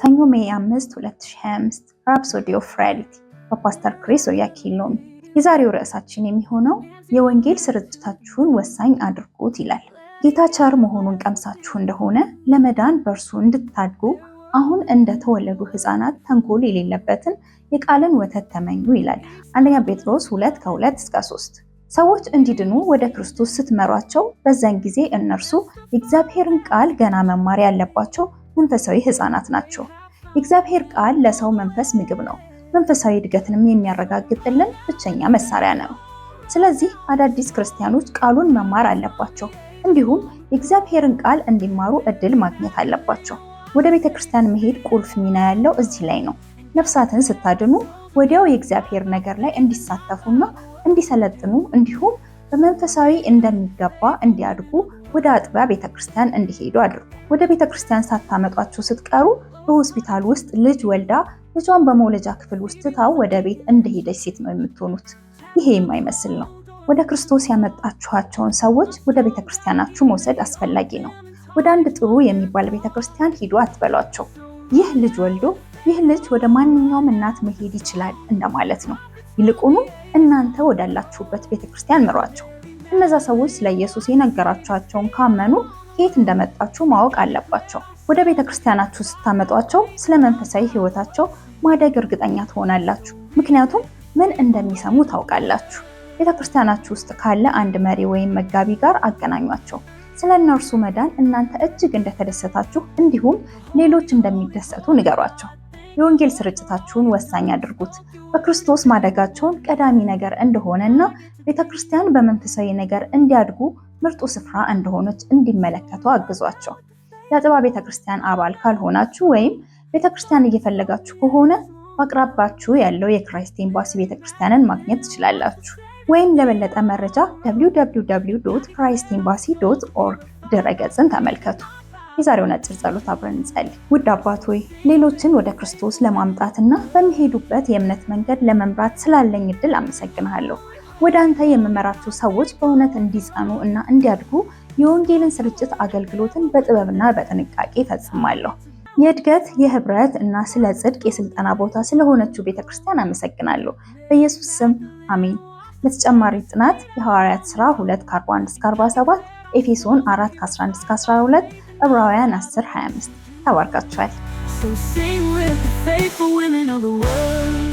ሰኞ ሜ 5 2025 ራፕሶዲ ኦፍ ሪያሊቲ በፓስተር ክሪስ ኦያኪሎሚ። የዛሬው ርዕሳችን የሚሆነው የወንጌል ስርጭታችሁን ወሳኝ አድርጉት ይላል። ጌታ ቸር መሆኑን ቀምሳችሁ እንደሆነ ለመዳን በእርሱ እንድታድጉ አሁን እንደተወለዱ ህፃናት ተንኮል የሌለበትን የቃልን ወተት ተመኙ ይላል። አንደኛ ጴጥሮስ 2 ከ2 እስከ 3 ሰዎች እንዲድኑ ወደ ክርስቶስ ስትመሯቸው፣ በዛን ጊዜ እነርሱ የእግዚአብሔርን ቃል ገና መማር ያለባቸው መንፈሳዊ ህፃናት ናቸው። የእግዚአብሔር ቃል ለሰው መንፈስ ምግብ ነው፣ መንፈሳዊ እድገትንም የሚያረጋግጥልን ብቸኛ መሳሪያ ነው። ስለዚህ አዳዲስ ክርስቲያኖች ቃሉን መማር አለባቸው፣ እንዲሁም የእግዚአብሔርን ቃል እንዲማሩ እድል ማግኘት አለባቸው። ወደ ቤተ ክርስቲያን መሄድ ቁልፍ ሚና ያለው እዚህ ላይ ነው። ነፍሳትን ስታድኑ ወዲያው የእግዚአብሔር ነገር ላይ እንዲሳተፉና እንዲሰለጥኑ እንዲሁም በመንፈሳዊ እንደሚገባ እንዲያድጉ ወደ አጥቢያ ቤተክርስቲያን እንዲሄዱ አድርጉ። ወደ ቤተክርስቲያን ሳታመጧቸው ስትቀሩ በሆስፒታል ውስጥ ልጅ ወልዳ ልጇን በመውለጃ ክፍል ውስጥ ትታው ወደ ቤት እንደሄደች ሴት ነው የምትሆኑት። ይሄ የማይመስል ነው። ወደ ክርስቶስ ያመጣችኋቸውን ሰዎች ወደ ቤተክርስቲያናችሁ መውሰድ አስፈላጊ ነው። ወደ አንድ ጥሩ የሚባል ቤተክርስቲያን ሂዱ አትበሏቸው። ይህ ልጅ ወልዶ ይህ ልጅ ወደ ማንኛውም እናት መሄድ ይችላል እንደማለት ነው። ይልቁኑ እናንተ ወዳላችሁበት ቤተክርስቲያን ምሯቸው። እነዛ ሰዎች ስለ ኢየሱስ የነገራችኋቸውን ካመኑ ከየት እንደመጣችሁ ማወቅ አለባቸው። ወደ ቤተ ክርስቲያናችሁ ስታመጧቸው ስለ መንፈሳዊ ህይወታቸው ማደግ እርግጠኛ ትሆናላችሁ። ምክንያቱም ምን እንደሚሰሙ ታውቃላችሁ። ቤተ ክርስቲያናችሁ ውስጥ ካለ አንድ መሪ ወይም መጋቢ ጋር አገናኟቸው። ስለ እነርሱ መዳን እናንተ እጅግ እንደተደሰታችሁ እንዲሁም ሌሎች እንደሚደሰቱ ንገሯቸው። የወንጌል ስርጭታችሁን ወሳኝ አድርጉት። በክርስቶስ ማደጋቸውን ቀዳሚ ነገር እንደሆነ እና ቤተ ክርስቲያን በመንፈሳዊ ነገር እንዲያድጉ ምርጡ ስፍራ እንደሆነች እንዲመለከቱ አግዟቸው። የአጥባ ቤተ ክርስቲያን አባል ካልሆናችሁ ወይም ቤተ ክርስቲያን እየፈለጋችሁ ከሆነ በአቅራባችሁ ያለው የክራይስት ኤምባሲ ቤተ ክርስቲያንን ማግኘት ትችላላችሁ። ወይም ለበለጠ መረጃ www ክራይስት ኤምባሲ ዶት ኦርግ ድረገጽን ተመልከቱ። የዛሬውን አጭር ጸሎት አብረን እንጸልይ። ውድ አባት ሆይ ሌሎችን ወደ ክርስቶስ ለማምጣትና በሚሄዱበት የእምነት መንገድ ለመምራት ስላለኝ እድል አመሰግናለሁ። ወደ አንተ የምመራቸው ሰዎች በእውነት እንዲጸኑ እና እንዲያድጉ የወንጌልን ስርጭት አገልግሎትን በጥበብና በጥንቃቄ ፈጽማለሁ። የእድገት የህብረት እና ስለ ጽድቅ የስልጠና ቦታ ስለሆነችው ቤተክርስቲያን አመሰግናለሁ። በኢየሱስ ስም አሜን። ለተጨማሪ ጥናት የሐዋርያት ሥራ 2 ከ41 እስከ 47 ኤፌሶን 4 ከ11 እስከ 12 Orion Esther Hems. Tavarkat Csajt! So sing with the faithful women of the world.